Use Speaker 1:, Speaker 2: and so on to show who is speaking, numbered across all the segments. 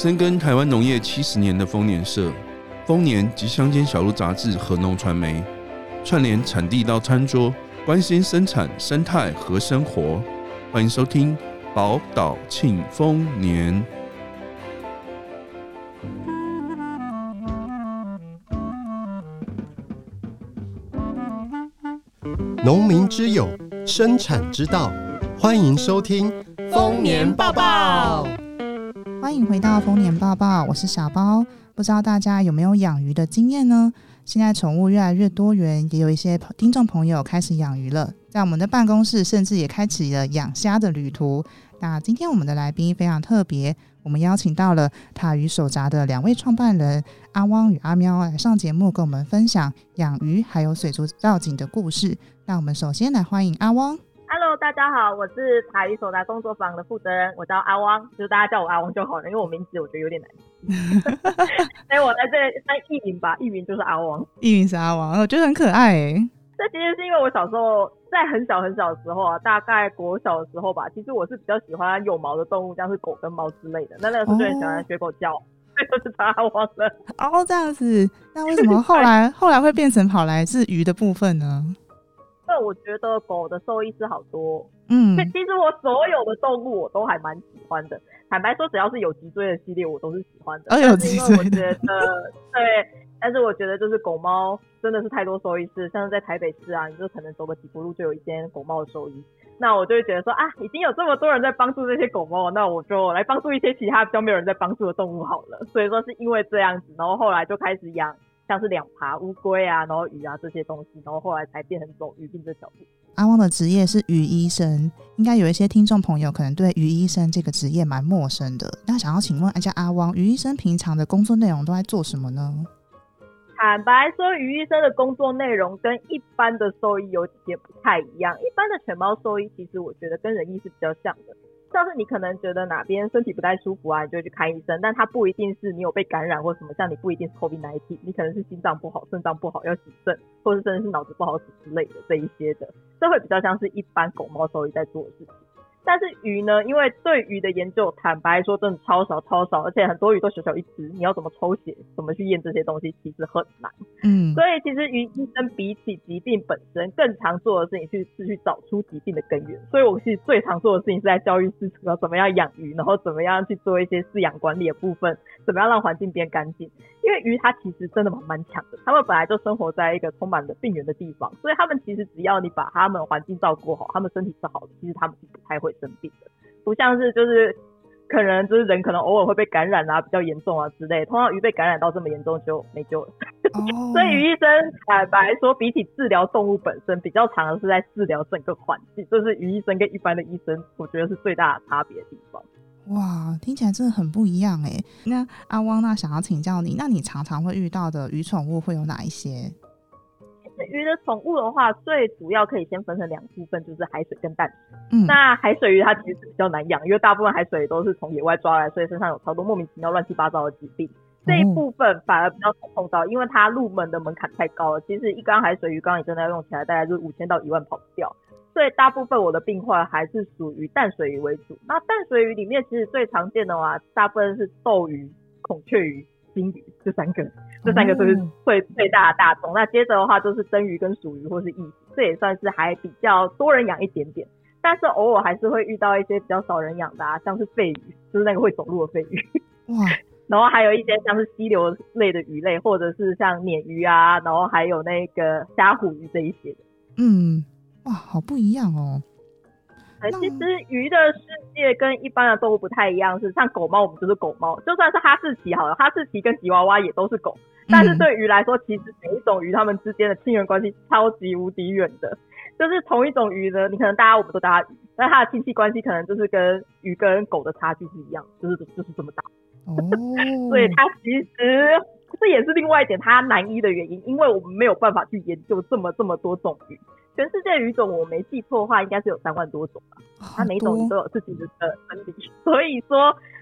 Speaker 1: 深耕台灣農業七十年的豐年社、豐年及鄉間小路雜誌和農傳媒，串聯產地到餐桌，關心生產生態和生活。歡迎收聽寶島慶豐年，
Speaker 2: 農民之友，生產之道。歡迎收聽豐年報報。
Speaker 1: 歡迎回到豐年報報，我是小包。不知道大家有沒有養魚的經驗呢？現在寵物越來越多元，也有一些聽眾朋友開始養魚了，在我們的辦公室甚至也開啟了養蝦的旅途。那今天我們的來賓非常特別，我們邀請到了塔魚手札的兩位創辦人阿汪與阿喵來上節目，跟我們分享養魚還有水族造景的故事。那我們首先來歡迎阿汪。
Speaker 2: Hello，大家好，我是塔魚手札工作坊的負責人，我叫阿汪，就是大家叫我阿汪就好了，因為我名字我覺得有點難聽， 所以我在這當藝名吧，藝名就是阿汪，
Speaker 1: 藝名是阿汪，我覺得很可愛哎。
Speaker 2: 這其實是因為我小時候在很小很小的時候啊，大概國小的時候吧，其實我是比較喜歡有毛的動物，像是狗跟貓之類的。那那個時候就很喜歡學狗叫，哦、所以就是他阿汪
Speaker 1: 了。哦，這樣子，那為什麼後來 後來會變成跑來治魚的部分呢？
Speaker 2: 因為我覺得狗的獸醫師好多，嗯，其實我所有的動物我都還蠻喜歡的。坦白說，只要是有脊椎的系列，我都是喜歡的。哎、啊、有脊椎，我覺得 對。但是我覺得就是狗貓真的是太多獸醫師，像是在臺北市啊，你就可能走個幾步路就有一間狗貓的獸醫。那我就會覺得說啊，已經有這麼多人在幫助這些狗貓，那我就來幫助一些其他比較沒有人在幫助的動物好了。所以說是因為這樣子，然後後來就開始養。像是兩爬烏龜啊，然後魚啊這些東西，然後後來才變成走魚病這條路。
Speaker 1: 阿汪的職業是魚醫生，應該有一些聽眾朋友可能對魚醫生這個職業蠻陌生的。那想要請問一下阿汪，魚醫生平常的工作內容都在做什麼呢？
Speaker 2: 坦白說，魚醫生的工作內容跟一般的獸醫有幾點不太一樣。一般的犬貓獸醫，其實我覺得跟人醫是比較像的。像是你可能覺得哪邊身體不太舒服啊，你就會去看醫生，但它不一定是你有被感染或什麼，像你不一定是 COVID 19，你可能是心臟不好、腎臟不好要洗腎，或是真的是腦子不好使之類的這一些的，這會比較像是一般狗貓獸醫在做的事情。但是魚呢？因為對魚的研究，坦白說真的超少超少，而且很多魚都小小一隻，你要怎麼抽血，怎麼去驗這些東西，其實很難。嗯，所以其實魚醫生比起疾病本身更常做的事情，是去是去找出疾病的根源。所以，我其實最常做的事情是在教育飼主，要怎麼樣養魚，然後怎麼樣去做一些飼養管理的部分，怎麼樣讓環境變乾淨。因為魚它其實真的蠻蠻強的，他們本來就生活在一個充滿了病原的地方，所以他們其實只要你把他們環境照顧好，他們身體是好的，其實他們是不太會生病的。不像是就是可能就是人可能偶爾會被感染啊，比較嚴重啊之類，通常魚被感染到這麼嚴重就沒救了。Oh. 所以魚醫生坦白說，比起治療動物本身，比較常的是在治療整個環境，這，就是魚醫生跟一般的醫生，我覺得是最大的差別的地方。
Speaker 1: 哇，聽起來真的很不一樣哎。那阿汪那想要請教你，那你常常會遇到的魚寵物會有哪一些？
Speaker 2: 魚的寵物的話，最主要可以先分成兩部分，就是海水跟淡水。嗯，那海水魚它其實比較難養，因為大部分海水都是從野外抓來，所以身上有超多莫名其妙、亂七八糟的疾病。嗯，這一部分反而比較少碰到，因為它入門的門檻太高了。其實一缸海水魚缸，你真的要用起來，大概就是五千到一萬跑不掉。所以大部分我的病患還是屬於淡水魚為主。那淡水魚裡面，其實最常見的話，大部分是鬥魚、孔雀魚、金魚這三個，這三個都是最,、嗯、最大的大宗。那接着的話，就是燈魚跟鼠魚，或是異魚，這也算是還比較多人養一點點。但是偶爾還是會遇到一些比較少人養的，啊，像是肺魚，就是那個會走路的肺魚。哇！ 然後還有一些像是溪流類的魚類，或者是像鯰魚啊，然後還有那個蝦虎魚這一些嗯。
Speaker 1: 哇，好不一樣哦！
Speaker 2: 哎，其實魚的世界跟一般的動物不太一樣，是像狗貓，我們就是狗貓。就算是哈士奇好了，哈士奇跟吉娃娃也都是狗。但是對魚來說，其實每一種魚它們之間的親緣關係超級無敵遠的，嗯，就是同一種魚呢。你可能大家我們都大家魚，但它的親戚關係可能就是跟魚跟狗的差距是一樣，就是就是這麼大。哦。 所以它其實這也是另外一點它難醫的原因，因為我們沒有辦法去研究這麼這麼多種魚。全世界魚種，我沒記錯的話，應該是有三萬多種吧。它每種都有自己的生理，所以說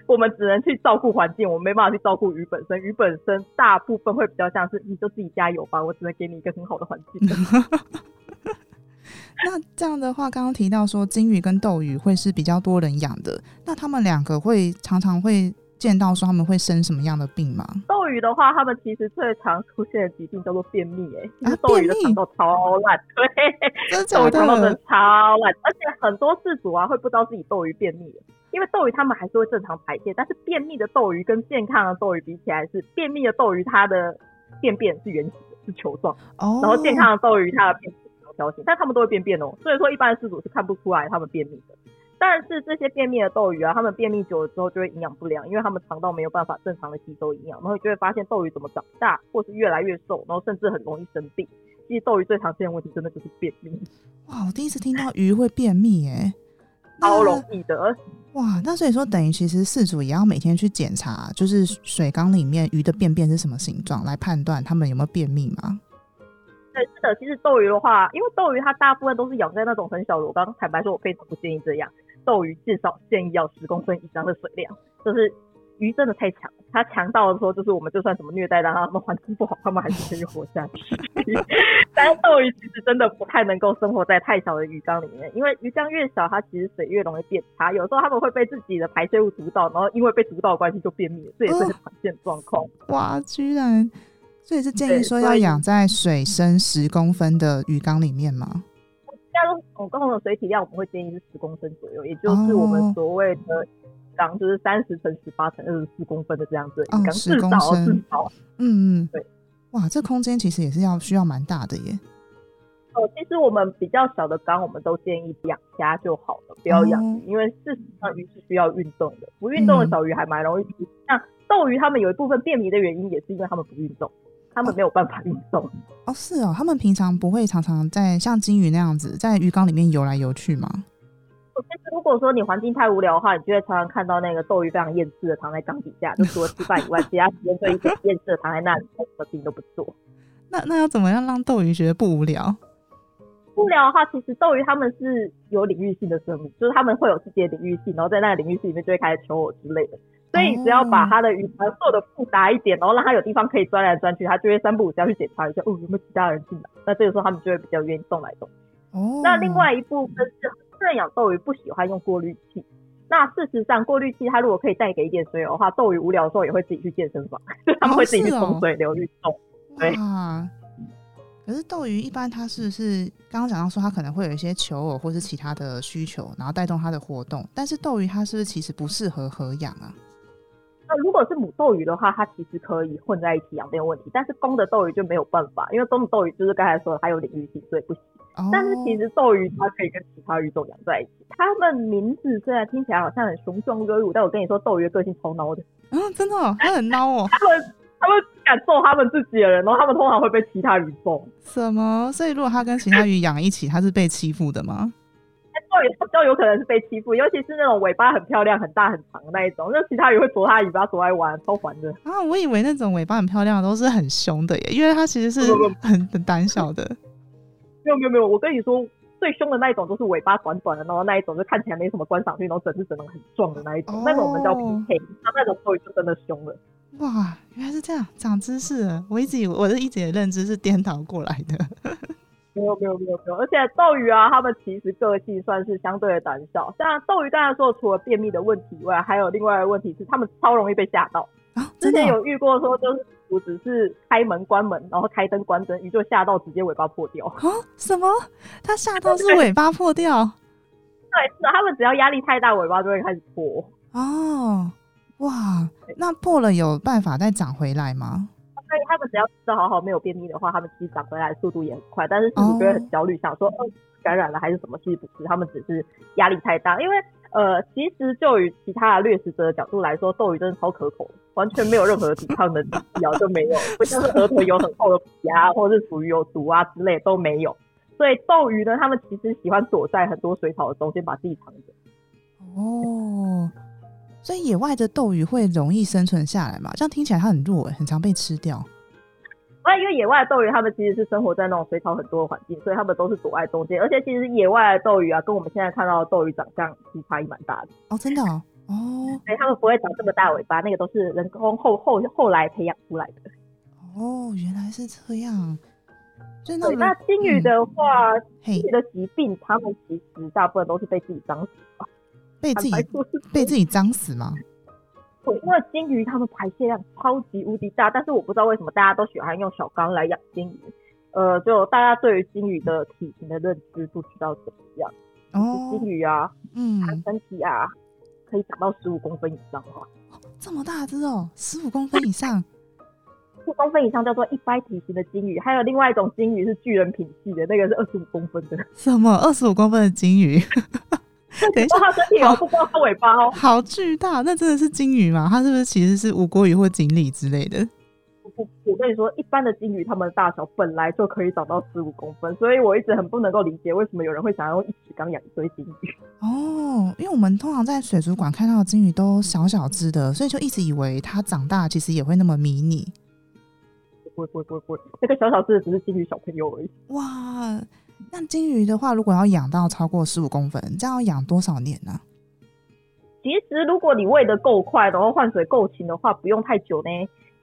Speaker 2: 我們只能去照顧環境，我們沒辦法去照顧魚本身。魚本身大部分會比較像是，你就自己加油吧，我只能給你一個很好的環境的。
Speaker 1: 那這樣的話，剛剛提到說金魚跟鬥魚會是比較多人養的，那他們兩個會常常會。見到說他們會生什麼樣的病嗎？
Speaker 2: 鬥魚的話，他們其實最常出現的疾病叫做便秘、欸，哎，鬥魚的腸道超爛、啊，對，鬥魚腸道的超爛，而且很多飼主啊會不知道自己鬥魚便秘、欸、因為鬥魚他們還是會正常排便，但是便秘的鬥魚跟健康的鬥魚比起來是，是便秘的鬥魚它的便便是圓形的，是球狀、哦，然後健康的鬥魚它的便便是條形，但他們都會便便哦，所以說一般的飼主是看不出來他們便秘的。但是這些便秘的鬥魚啊，他們便秘久了之後就會營養不良，因為他們腸道沒有辦法正常的吸收營養，然後就會發現鬥魚怎麼長大，或是越來越瘦，然後甚至很容易生病。其實鬥魚最常見的問題真的就是便秘。
Speaker 1: 哇，我第一次聽到魚會便秘耶、欸，好 容易的。哇，那所以說等於其實飼主也要每天去檢查，就是水缸裡面魚的便便是什麼形狀，來判斷他們有沒有便秘嘛？
Speaker 2: 對，是的。其實鬥魚的話，因為鬥魚它大部分都是養在那種很小的，我剛剛坦白說我非常不建議這樣。鬥魚至少建議要十公分以上的水量，就是魚真的太強，它強到說就是我們就算怎麼虐待，然後環境不好，它們還是可以活下去。 但鬥魚其實真的不太能夠生活在太小的魚缸裡面，因為魚缸越小，它其實水越容易變差，有時候它們會被自己的排泄物毒到，然後因為被毒到的關係就便秘，這也是常見狀況。
Speaker 1: 哇，居然，所以是建議說要養在水深十公分的魚缸裡面嗎？
Speaker 2: 家種我共的水體量，我們會建議是十公分左右，也就是我們所謂的缸，就是三十乘十八乘二十四公分的這樣子缸，四公升。嗯、啊啊、嗯，
Speaker 1: 對，哇，這空間其實也是要需要蠻大的耶。
Speaker 2: 哦，其實我們比較小的缸，我們都建議養蝦就好了，不要養魚、哦，因為事實上魚是需要運動的，不運動的小魚還蠻容易死、嗯，像鬥魚，它們有一部分便秘的原因也是因為它們不運動。他們沒有辦法運
Speaker 1: 動哦，是哦，他們平常不會常常在像金魚那樣子在魚缸裡面游來游去嗎？
Speaker 2: 其實，如果說你環境太無聊的話，你就會常常看到那個鬥魚非常厭世的躺在缸底下，就除了吃飯以外， 其他時間都一直厭世的躺在那裡， 什麼病都不做。
Speaker 1: 那那要怎麼樣讓鬥魚覺得不無聊？
Speaker 2: 不聊的話，其實鬥魚他們是有領域性的生物，就是他們會有自己的領域性，然後在那個領域性裡面就會開始求偶之類的。所以只要把它的魚盤做的複雜一點，然後讓它有地方可以鑽來鑽去，它就會三不五時去檢查一下，哦、嗯，有沒有其他人進來？那這個時候他們就會比較願意動來動。哦。那另外一部分就是，有人養鬥魚不喜歡用過濾器。那事實上，過濾器它如果可以帶給一點水流的話，鬥魚無聊的時候也會自己去健身房，哦、
Speaker 1: 他們會自己去沖水
Speaker 2: 流去動。哦、對啊。
Speaker 1: 可是鬥魚一般它是不是剛剛講到說，它可能會有一些求偶或是其他的需求，然後帶動它的活動？但是鬥魚它是不是其實不適合合養啊？那如果是母
Speaker 2: 鬥魚的話，它其實可以混在一起養沒有問題，但是公的鬥魚就沒有辦法，因為公的鬥魚就是剛才說的，它有領域性，所以不行。哦、但是其實鬥魚它可以跟其他魚種養在一起。他們名字雖然聽起來好像很雄壯威武，但我跟你說鬥魚的個性超孬的，啊、嗯，真的、哦，他很孬哦。他們他們敢揍他們自己的人，然後他們通常會被其他魚揍。什
Speaker 1: 麼？所以如果他跟其他魚養一起，他是被欺負的嗎？
Speaker 2: 都有可能是被欺負，尤其是那種尾巴很漂亮、很大、很長的那一種。那其他魚會啄它尾巴，啄來玩，超煩的。
Speaker 1: 啊，我以為那種尾巴很漂亮都是很凶的耶，因為它其實是很沒有沒有沒有很膽小的、
Speaker 2: 嗯。沒有沒有沒有，我跟你說，最凶的那一種都是尾巴短短的那種，然後那一種就看起來沒什麼觀賞性，然後整隻整容很壯的那一種，整整整那種、哦。那種我們叫 PK，他那種鬥魚就真的凶了。
Speaker 1: 哇，原來是這樣，長知識了。我一直以為我是一直的認知是顛倒過來的。
Speaker 2: 沒有沒有沒有沒有，而且鬥魚啊，他們其實個性算是相對的膽小。像鬥魚，但的時候除了便秘的問題以外，還有另外的問題是，他們超容易被嚇到。啊，之前有遇過，說就是我只是開門關門，然後開燈關燈，魚就嚇到直接尾巴破掉。
Speaker 1: 啊，什麼？他嚇到是尾巴破掉？ 對，是、啊、他們只要壓力太
Speaker 2: 大，尾巴就會開始破。
Speaker 1: 哦，哇，那破了有辦法再長回來嗎？
Speaker 2: 所以他們只要吃的好好，沒有便秘的話，他們其實長回來的速度也很快。但是，父母就會很焦慮，想、oh. 說，感染了還是什麼？其實不是，他們只是壓力太大。因為，呃，其實就與其他掠食者的角度來說，鬥魚真的超可口，完全沒有任何抵抗的力啊， 就沒有，不像河豚有很厚的皮啊，或者是屬於有毒啊之類都沒有。所以，鬥魚呢，他們其實喜歡躲在很多水草的中間，把自己藏着。哦、oh.。
Speaker 1: 所以野外的鬥魚會容易生存下來嘛？這樣聽起來它很弱，欸，很常被吃掉。
Speaker 2: 對，因為野外的鬥魚，它們其實是生活在那種水草很多的環境，所以它們都是躲在中間。而且其實野外的鬥魚啊，跟我們現在看到的鬥魚長相其實差異蠻大的哦，真的哦。哎、哦，它們不會長這麼大尾巴，那個都是人工後後後來培養出來的。
Speaker 1: 哦，原來是這樣，真
Speaker 2: 的。那金魚的話，這、嗯、些的疾病，它們其實大部分都是被自己髒死的。
Speaker 1: 被自己被自己髒死嗎？
Speaker 2: 對，因為金魚它們排泄量超級無敵大，但是我不知道為什麼大家都喜歡用小缸來養金魚。呃，就大家對於金魚的體型的認知不知道怎麼樣。哦，金、就是、魚啊，嗯，阿、啊、身體啊，可以長到十五公分以上哦，
Speaker 1: 這麼大只哦，十
Speaker 2: 五公分以上，十 五公分以上叫做一般體型的金魚，還有另外一種金魚是巨人品系的，那個是二十五公分的，
Speaker 1: 什麼二十五公分的金魚？ 等一下，它身體哦，不包它尾巴哦，好巨大！那真的是金魚嗎？它是不是其實是吳郭魚或錦鯉之類的？
Speaker 2: 我跟你說，一般的金魚它們大小本來就可以長到十五公分，所以我一直很不能夠理解為什麼有人會想要一水缸養一堆金魚
Speaker 1: 哦。因為我們通常在水族館看到的金魚都小小隻的，所以就一直以為它長大其實也會那麼迷你。
Speaker 2: 不會不會不會不會，那個小小隻的只是金魚小朋友而已。哇！
Speaker 1: 那金魚的話，如果要養到超過十五公分，這樣要養多少年呢、啊？
Speaker 2: 其實，如果你餵得夠快然後換水夠勤的話，不用太久呢。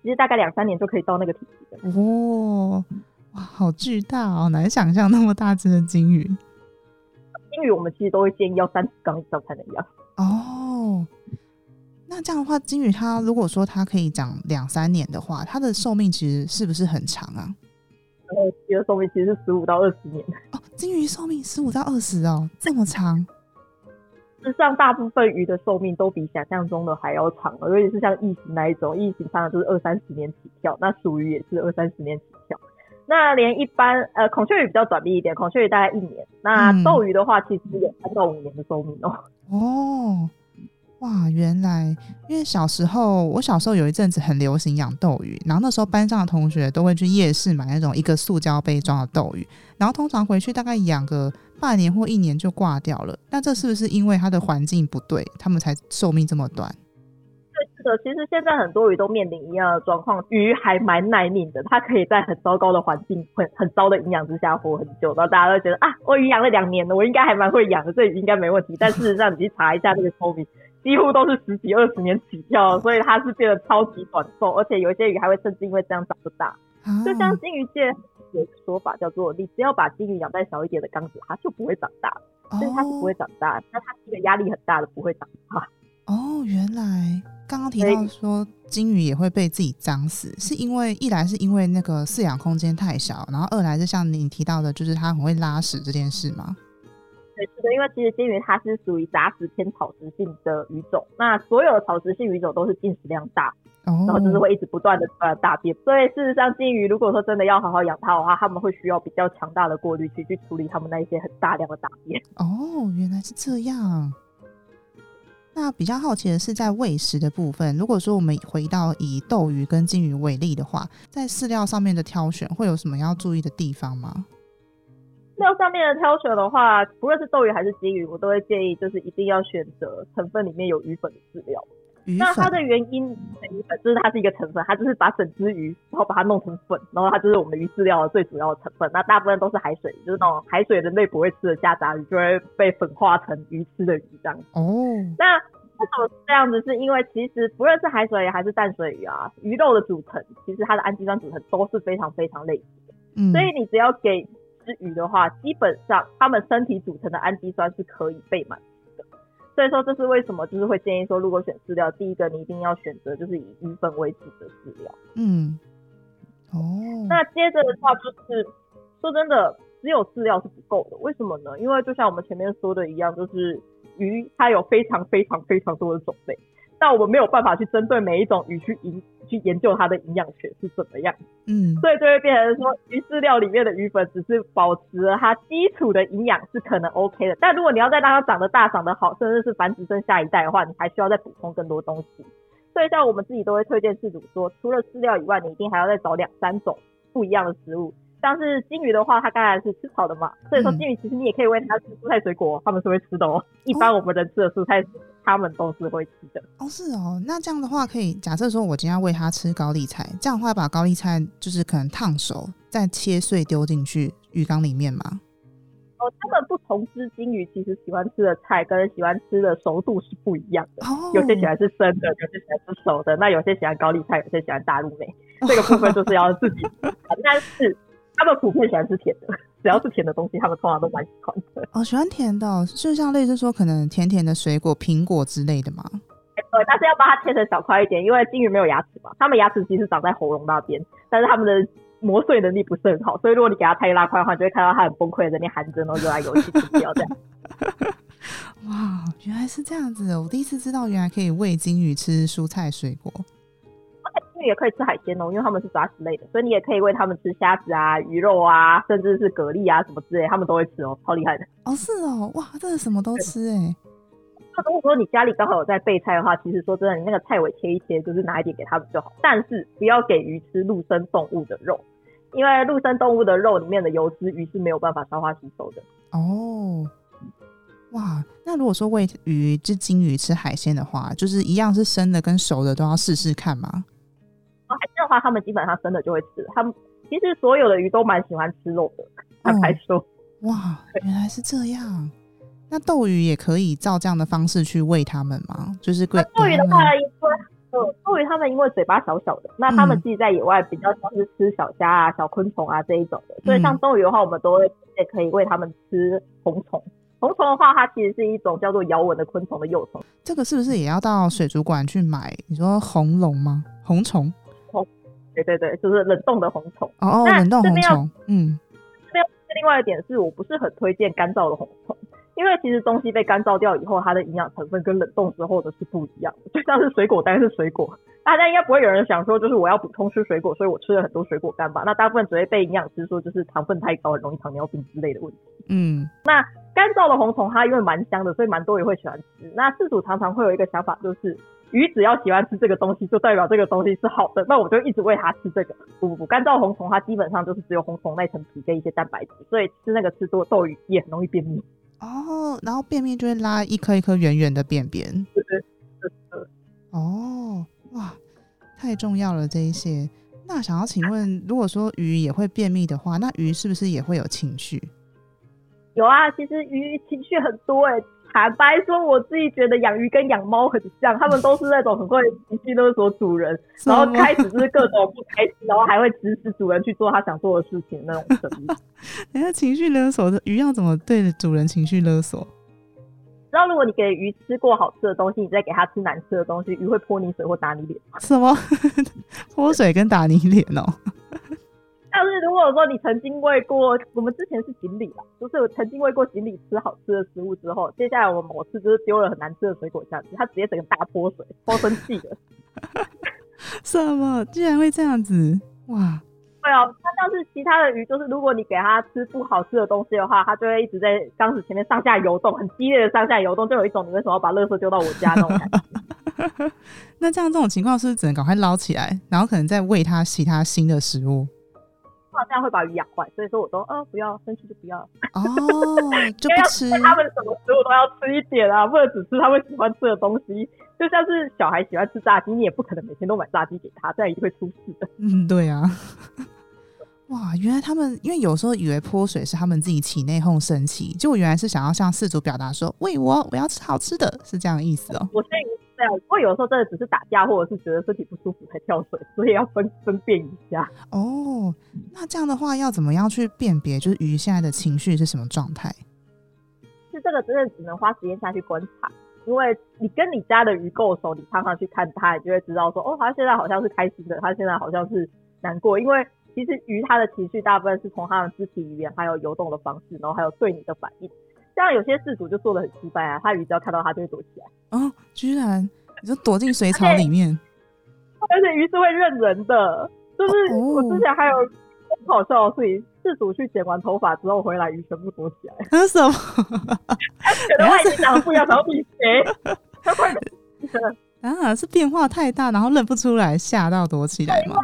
Speaker 2: 其實大概兩三年就可以到那個體積
Speaker 1: 的、哦。哇，好巨大哦，難想象那麼大隻的金魚。
Speaker 2: 金魚我們其實都會建議要三十缸以上才能養。
Speaker 1: 哦，那這樣的話，金魚它如果說它可以長兩三年的話，它的壽命其實是不是很長啊？魚的壽命其實是十五到二十年哦。啊，金魚壽命十五到二十哦，這麼長。
Speaker 2: 事實上大部分魚的壽命都比想象中的還要長，尤其是像異形那一種，異形常就是二三十年起跳，那鼠魚也是二三十年起跳。那連一般，呃，孔雀魚比較短命一點，孔雀魚大概一年。那鬥魚的話，其實有三到五年的壽命哦、喔嗯。
Speaker 1: 哦。哇，原來因為小時候，我小時候有一陣子很流行養鬥魚，然後那時候班上的同學都會去夜市買那種一個塑膠杯裝的鬥魚，然後通常回去大概養個半年或一年就掛掉了。那這是不是因為它的環境不對，它們才壽命這麼短？
Speaker 2: 對，是的，其實現在很多魚都面臨一樣的狀況，魚還蠻耐命的，它可以在很糟糕的環境、很很糟的營養之下活很久。然後大家都覺得啊，我魚養了兩年了，我應該還蠻會養的，所以應該沒問題。但事實上，你去查一下那個透明。 幾乎都是十幾二十年起跳，所以它是變得超級短壽，而且有一些魚還會甚至因為這樣長不大，嗯。就像金魚界有說法叫做，你只要把金魚養在小一點的缸子，它就不會長大、哦，所以它是不會長大。那它是一個壓力很大的不會長
Speaker 1: 大。哦，原來剛剛提到說金魚也會被自己髒死，是因為一來是因為那個飼養空間太小，然後二來是像你提到的，就是它很會拉屎這件事嘛
Speaker 2: 對，是的，因為其實金魚它是屬於雜食偏草食性的魚種，那所有的草食性魚種都是進食量大，哦，然後就是會一直不斷的呃大便。所以事實上，金魚如果說真的要好好養它的話，牠們會需要比較強大的過濾器去，去處理牠們那一些很大量的大
Speaker 1: 便。哦，原來是這樣。那比較好奇的是在餵食的部分，如果說我們回到以斗魚跟金魚為例的話，在飼料上面的挑選會有什麼要注意的地方嗎？
Speaker 2: 料上面的挑選的話，不論是鬥魚還是金魚，我都會建議就是一定要選擇成分裡面有魚粉的飼料。那它的原因，魚粉就是它是一個成分，它就是把整隻魚，然後把它弄成粉，然後它就是我們魚飼料的最主要的成分。那大部分都是海水，就是那種海水的人類不會吃的下雜魚就會被粉化成魚吃的魚這樣子。哦，那為什麼這樣子？是因為其實不論是海水魚還是淡水魚啊，魚肉的組成，其實它的氨基酸組成都是非常非常類似的。嗯，所以你只要給。之魚的話，基本上他們身體組成的氨基酸是可以被滿的，所以說這是為什麼就是會建議說，如果選飼料，第一個你一定要選擇就是以魚粉為主的飼料。嗯，哦，那接着的話就是說真的，只有飼料是不夠的，為什麼呢？因為就像我們前面說的一樣，就是魚它有非常非常非常多的種類。那我們沒有辦法去針對每一種魚去營去研究它的營養學是怎麼樣，嗯，所以就會變成說魚飼料裡面的魚粉只是保持了它基礎的營養是可能 OK 的。但如果你要再讓它長得大、長得好，甚至是繁殖生下一代的話，你還需要再補充更多東西。所以像我們自己都會推薦飼主說，除了飼料以外，你一定還要再找兩三種不一樣的食物。像是金魚的話，它當然是吃草的嘛，所以說金魚其實你也可以餵它吃蔬菜水果、嗯，他們是會吃的哦。一般我們人吃的蔬菜水果。哦。
Speaker 1: 他們都是會吃的哦，是哦。那這樣的話，可以假設說，我今天要餵它吃高麗菜，這樣的話把高麗菜就是可能燙熟，再切碎丟進去魚缸裡面嗎？
Speaker 2: 哦，他們不同隻金魚其實喜歡吃的菜跟喜歡吃的熟度是不一樣的，哦、有些喜歡吃生的，有些喜歡吃熟的。那有些喜歡高麗菜，有些喜歡大陸妹，這個部分就是要自己。 但是他們普遍喜歡吃甜的，只要是甜的東西，他們通常都蠻
Speaker 1: 喜歡的。哦，喜歡甜的哦，就像類似說可能甜甜的水果、蘋果之類的嘛。
Speaker 2: 欸，對，但是要把它切成小塊一點，因為金魚沒有牙齒嘛，它們牙齒其實長在喉嚨那邊，但是它們的磨碎能力不是很好，所以如果你給它太大塊的話，就會看到它很崩潰，在那含着呢，就來游戲吃掉這樣。
Speaker 1: 哇，原來是這樣子哦，我第一次知道原來可以餵金魚吃蔬菜水果。
Speaker 2: 也可以吃海鮮哦，因為他們是雜食類的，所以你也可以餵他們吃蝦子啊、魚肉啊，甚至是蛤蜊啊什麼之類，他們都會吃哦，超厲害的
Speaker 1: 哦！是哦，哇，真的什麼都吃哎、
Speaker 2: 欸。那如果說你家裡剛好有在備菜的話，其實說真的，你那個菜尾切一切，就是拿一點給他們就好。但是不要給魚吃陸生動物的肉，因為陸生動物的肉裡面的油脂，魚是沒有辦法消化吸收的。
Speaker 1: 哦，哇，那如果說餵魚，就金魚吃海鮮的話，就是一樣是生的跟熟的都要試試看嘛。
Speaker 2: 那他們基本上生的就會吃。他們其實所有的魚都蠻喜歡吃肉的。他、哦、
Speaker 1: 還說：“哇，原來是這樣！那鬥魚也可以照這樣的方式去餵他們嗎？就是鬥魚的話呢，因
Speaker 2: 為鬥魚他們因為嘴巴小小的，那他們自己在野外比較就是吃小蝦啊、小昆蟲啊這一種的。嗯、所以像鬥魚的話，我們都會也可以餵他們吃紅蟲。紅蟲的話，它其實是一種叫做搖蚊的昆蟲的幼蟲。
Speaker 1: 這個是不是也要到水族館去買？你說紅龍嗎？紅蟲？”
Speaker 2: 對對對，就是冷凍的紅蟲哦、oh,，冷凍紅蟲。嗯，另外另外一點是，我不是很推薦乾燥的紅蟲，因為其實東西被乾燥掉以後，它的營養成分跟冷凍之後的是不一樣。就像是水果乾是水果，大家應該不會有人想說，就是我要補充吃水果，所以我吃了很多水果乾吧？那大部分只會被營養師說就是糖分太高，容易糖尿病之類的問題。嗯，那乾燥的紅蟲它因為蠻香的，所以蠻多人會喜歡吃。那飼主常常會有一個想法就是。魚只要喜歡吃這個東西，就代表這個東西是好的。那我就一直餵它吃這個。不不不，乾燥紅蟲，它基本上就是只有紅蟲那層皮跟一些蛋白
Speaker 1: 質，所以吃那個吃多豆，鬥魚也很容易便秘。哦，然後便秘就會拉一顆一顆圓圓的便便。對對對。哦，哇，太重要了這一些。那想要請問，如果說魚也會便秘的話，那魚是不是也會有情緒？
Speaker 2: 有啊，其實魚情緒很多哎、欸。坦白說，我自己覺得養魚跟養貓很像，他們都是那種很會情緒勒索主人，然後開始就是各種不開心，然後還會指使主人去做他想做的事情那種
Speaker 1: 生物。 情緒勒索的魚要怎麼對著主人情緒勒索？
Speaker 2: 知道，如果你給魚吃過好吃的東西，你再給它吃難吃的東西，魚會潑你水或打你臉嗎？
Speaker 1: 什麼潑 水跟打你臉哦、喔？
Speaker 2: 但是如果說你曾經餵過，我們之前是錦鯉吧，就是我曾經餵過錦鯉吃好吃的食物之後，接下來我我吃就是丟了很難吃的水果這樣子，它直接整個大潑水，超生氣的。 什
Speaker 1: 麼？居然會這樣子？哇！
Speaker 2: 對啊，它要是其他的魚，就是如果你給它吃不好吃的東西的話，它就會一直在缸子前面上下游動，很激烈的上下游動，就有一種你為什麼要把垃圾丟到我家那種感覺。 那
Speaker 1: 這樣這種情況是不是只能趕快撈起來，然後可能再餵它其他新的食物？
Speaker 2: 這樣會把魚養壞，所以說我都，哦、呃，不要生氣就不要哦，就不吃。 吃他們什麼食物都要吃一點啊，不能只吃他們喜歡吃的東西。就像是小孩喜歡吃炸雞，你也不可能每天都買炸雞給他，這
Speaker 1: 樣一定會出事的。嗯，對啊。哇，原來他們因為有時候以為潑水是他們自己起內訌生氣，就我原來是想要向飼主表達說，餵我我要吃好吃的，是這樣的意思哦、喔。我
Speaker 2: 對啊，不過有時候真的只是打架，或者是覺得身體不舒服才跳水，所以要分分辨一下。
Speaker 1: 哦，那這樣的話要怎麼樣去辨別，就是魚現在的情緒是什麼狀態？
Speaker 2: 其實這個真的只能花時間下去觀察，因為你跟你家的魚夠熟，你常常去看它，你就會知道說，哦，它現在好像是開心的，它現在好像是難過，因為其實魚它的情緒大部分是從它的肢體裡面，還有游動的方式，然後還有對你的反應。像有些飼主就做得很失敗啊，他魚只要看到他就會躲起
Speaker 1: 來。哦，居然你就躲進水草裡面
Speaker 2: 而。而且魚是會認人的，就是我之前還有、哦、很好笑的事情，飼主去剪完頭髮之後回來，魚全部躲起來。
Speaker 1: 為什麼？可
Speaker 2: 能他外型長得不一樣，然後比誰？
Speaker 1: 他快。啊，是變化太大，然後認不出來，嚇到躲起來嘛。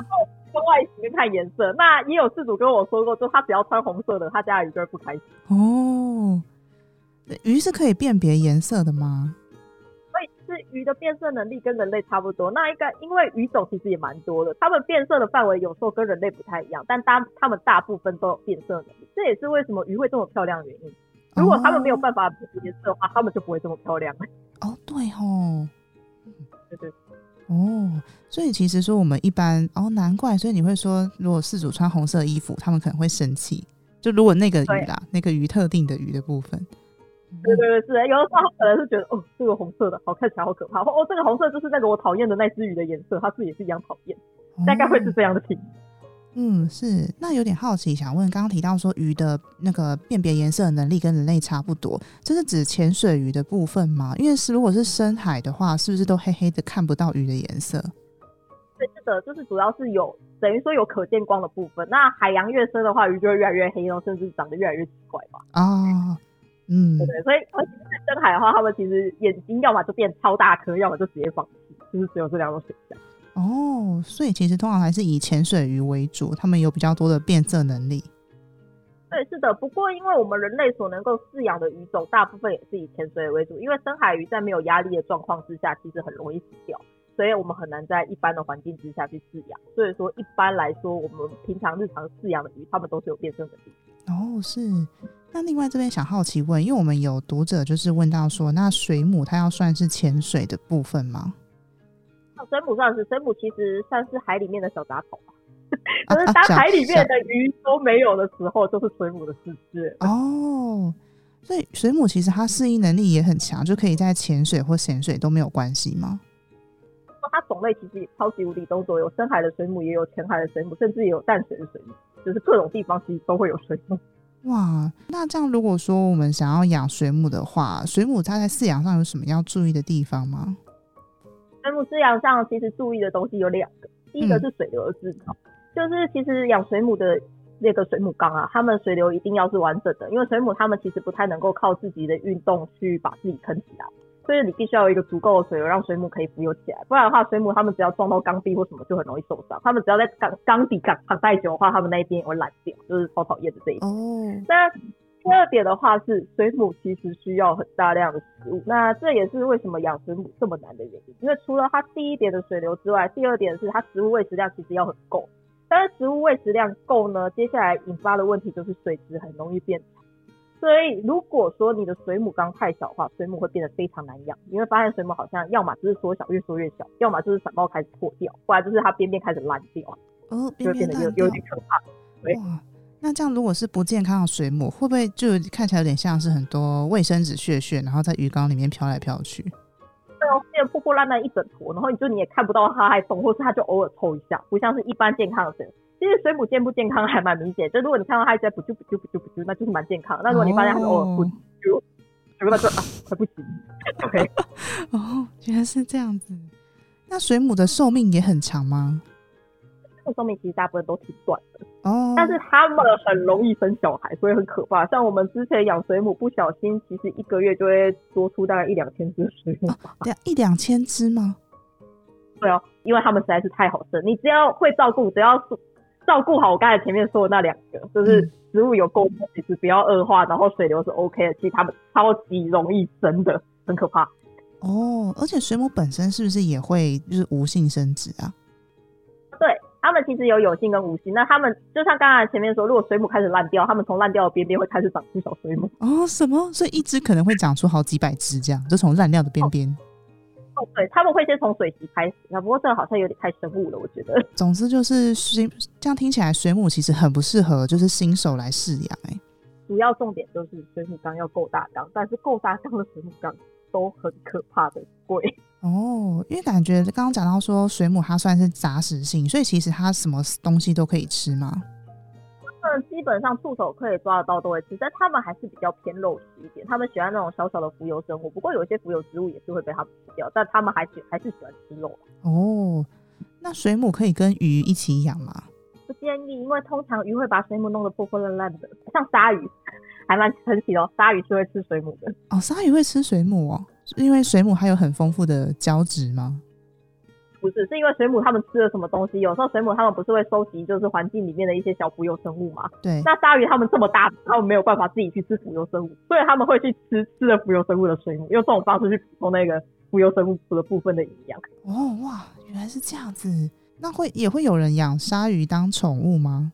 Speaker 2: 跟外形跟看顏色。那也有飼主跟我說過，就他只要穿紅色的，他家魚就會不開心。
Speaker 1: 哦。魚是可以辨別顏色的嗎？
Speaker 2: 所以是魚的變色能力跟人類差不多。那應該因為魚種其實也蠻多的，它們變色的範圍有時候跟人類不太一樣，但當它們大部分都有變色能力。這也是為什麼魚會這麼漂亮的原因。
Speaker 1: 如果它們沒有
Speaker 2: 辦法變色的話，它們就不會這麼漂亮。哦，
Speaker 1: 哦對哦、嗯、對，對對，哦，所以其實說我們一般哦，難怪，所以你會說，如果飼主穿紅色衣服，他們可能會生氣。就如果那個魚啦、啊，那個魚特定的魚的部分。
Speaker 2: 對,對對對，是有的時候可能是覺得哦，這個紅色的好看起來好可怕哦，這個紅色就是那個我討厭的那只魚的顏色，它是也是一樣討厭，大概會是這樣
Speaker 1: 的品。嗯，是。那有點好奇，想問剛剛提到說魚的那個辨別顏色的能力跟人類差不多，這是指淺水魚的部分嗎？因為是如果是深海的話，是不是都黑黑的看不到魚的顏色？
Speaker 2: 對，是的，就是主要是有等於說有可見光的部分。那海洋越深的話，魚就會越來越黑哦，甚至長得越來越奇怪嘛。
Speaker 1: 啊、哦。嗯，對，
Speaker 2: 所以而且在深海的話，他們其實眼睛要麼就變超大顆，要麼就直接放棄，就是只有這兩種選項。
Speaker 1: 哦，所以其實通常還是以潛水魚為主，他們有比較多的變色能力。
Speaker 2: 對，是的。不過因為我們人類所能夠飼養的魚種，大部分也是以潛水為主，因為深海魚在沒有壓力的狀況之下，其實很容易死掉，所以我們很難在一般的環境之下去飼養。所以說，一般來說，我們平常日常飼養的魚，它們都是有變色能力的。
Speaker 1: 哦，是。那另外這邊想好奇問，因為我們有讀者就是問到說，那水母它要算是潛水的部分嗎？那
Speaker 2: 水母算是水母，其實算是海裡面的小雜草。可、啊、
Speaker 1: 是當海裡面
Speaker 2: 的魚、啊、啊、都沒有的時候，就是水母的世界
Speaker 1: 哦。所以水母其實它適應能力也很強，就可以在潛水或鹹水都沒有關係嗎？
Speaker 2: 它種類其實也超級無敵多，有深海的水母，也有淺海的水母，甚至也有淡水的水母，就是各種地方其實都會有水母。
Speaker 1: 哇，那這樣，如果說我們想要養水母的話，水母它在飼養上有什麼要注意的地方嗎？
Speaker 2: 水母飼養上其實注意的東西有兩個，第一個是水流的製造，嗯，就是其實養水母的那個水母缸啊，它們水流一定要是完整的，因為水母它們其實不太能夠靠自己的運動去把自己撐起來。所以你必須要有一個足夠的水流，讓水母可以浮游起來，不然的話，水母他們只要撞到缸壁或什麼，就很容易受傷。他們只要在缸缸底缸躺太久的話，他們那一邊也會爛掉，就是超討厭的這一種。那、嗯、第二點的話是，水母其實需要很大量的食物，那這也是為什麼養水母這麼難的原因。因為除了它第一點的水流之外，第二點是它食物餵食量其實要很夠，但是食物餵食量夠呢，接下來引發的問題就是水質很容易變差。所以，如果說你的水母缸太小的話，水母會變得非常難養，因為發現水母好像要麼就是縮小，越縮越小，要麼就是傘帽開始破掉，不然就是它邊邊開始爛掉，哦、呃，就會變得有
Speaker 1: 又可怕。哇，那這樣如果是不健康的水母，會不會就看起來有點像是很多衛生紙屑屑，然後在魚缸裡面飄來飄去？
Speaker 2: 對哦，變得破破爛爛一整坨，然後就你也看不到它還動，或是它就偶爾抽一下，不像是一般健康的水母。其實水母健不健康還蠻明顯，就如果你看到它還在噗啾，噗啾噗啾噗啾噗啾，
Speaker 1: 那就是蠻健康。那如果你發現它是偶爾噗啾，哦、就表示啊快 不行。OK，哦，原來是這樣子。那水母的壽命也很長嗎？
Speaker 2: 說明其實大部分都挺短的，哦,哦，哦、但是他們很容易生小孩，所以很可怕。像我們之前養水母，不小心其實一個月就會多出大概一兩千只水母，對，一兩千只嗎？對哦、啊，因為他們實在是太好生，你只要會照顧，只要是照顧好我剛才前面說的那兩個，就是食物有供應，其實不要惡化，然後水流是 OK 的，其實他們超級容易生的，很可怕。
Speaker 1: 哦，而且水母本身是不是也會就是無性生殖啊？
Speaker 2: 他們其實有有性跟無性，那他們就像剛才前面說，如果水母開始爛掉，他們從爛掉的邊邊會開始長出小水母。
Speaker 1: 哦，什麼？所以一隻可能會長出好幾百隻這樣，就從爛掉的邊邊。哦。
Speaker 2: 哦，對，他們會先從水螅開始。那不過這好像有點太生物了，我覺得。
Speaker 1: 總之就是新，這樣聽起來水母其實很不適合就是新手來飼養，欸。
Speaker 2: 主要重點就是水母缸要夠大缸，但是夠大缸的水母缸都很可
Speaker 1: 怕的貴。哦，因為感覺剛剛講到說水母它算是雜食性，所以其實它什麼東西都可以吃嗎？
Speaker 2: 基本上觸手可以抓得到都會吃，但它們還是比較偏肉食一點。它們喜歡那種小小的浮游生物，不過有一些浮游植物也是會被它吃掉，但它們還是還是喜歡吃肉。
Speaker 1: 哦，那水母可以跟魚一起養嗎？
Speaker 2: 不建議，因為通常魚會把水母弄得破破爛爛的。像鯊魚還蠻神奇哦。鯊魚是會吃水母的。
Speaker 1: 哦，鯊魚會吃水母哦。是因為水母還有很豐富的膠質嗎？
Speaker 2: 不是，是因為水母他們吃了什麼東西？有時候水母他們不是會收集，就是環境裡面的一些小浮游生物嗎？對。那鯊魚他們這麼大，他們沒有辦法自己去吃浮游生物，所以他們會去吃吃了浮游生物的水母，用這種方式去補充那個浮游生物的部分的營養。
Speaker 1: 哦哇，原來是這樣子。那會也會有人養鯊魚當寵物嗎？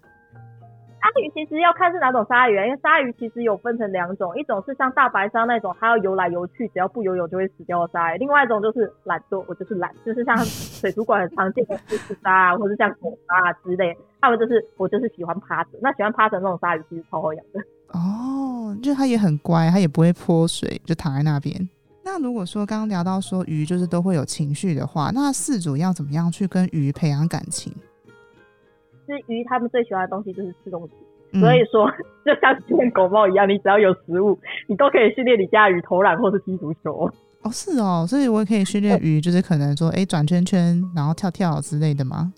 Speaker 2: 鯊魚其實要看是哪種鯊魚，因為鯊魚其實有分成兩種，一種是像大白鯊那種，它要游來游去，只要不游泳就會死掉的鯊魚，另外一種就是懶惰，我就是懶，就是像水族館很常見的獅子鯊或者是像狗鯊啊之類，還有就是我就是喜歡趴着。那喜歡趴着那種鯊魚其實超好養的。
Speaker 1: 哦，就它也很乖，它也不會潑水，就躺在那邊。那如果說剛剛聊到說魚就是都會有情緒的話，那飼主要怎麼樣去跟魚培養感情？
Speaker 2: 其實魚，他們最喜歡的東西就是吃東西，嗯、所以說就像訓練狗貓一樣，你只要有食物，你都可以訓練你家魚投籃或是踢足球
Speaker 1: 哦。是哦，所以我也可以訓練魚，就是可能說哎轉、欸、轉圈圈，然後跳跳之類的嗎？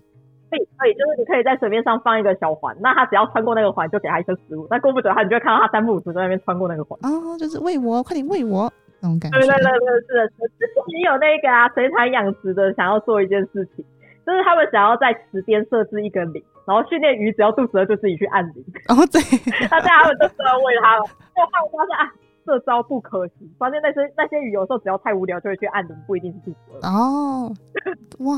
Speaker 2: 可以可以，就是你可以在水面上放一個小環，那它只要穿過那個環，就給它一個食物。那過不久，它你就會看到它三不五時在那邊穿過那個環。
Speaker 1: 啊、哦，就是餵我，快點餵我那種感覺。
Speaker 2: 對對對對，是是你有那個啊，水產養殖的想要做一件事情。就是他們想要在池邊設置一個鈴，然後訓練魚，只要肚子餓就自己去按鈴。哦、oh,，對。那在他們肚子餓餵它了，我發現發現按這招不可行。發現那些那些魚有時候只要太無聊就會去按鈴，不一定是肚子
Speaker 1: 餓。哦、oh,，哇，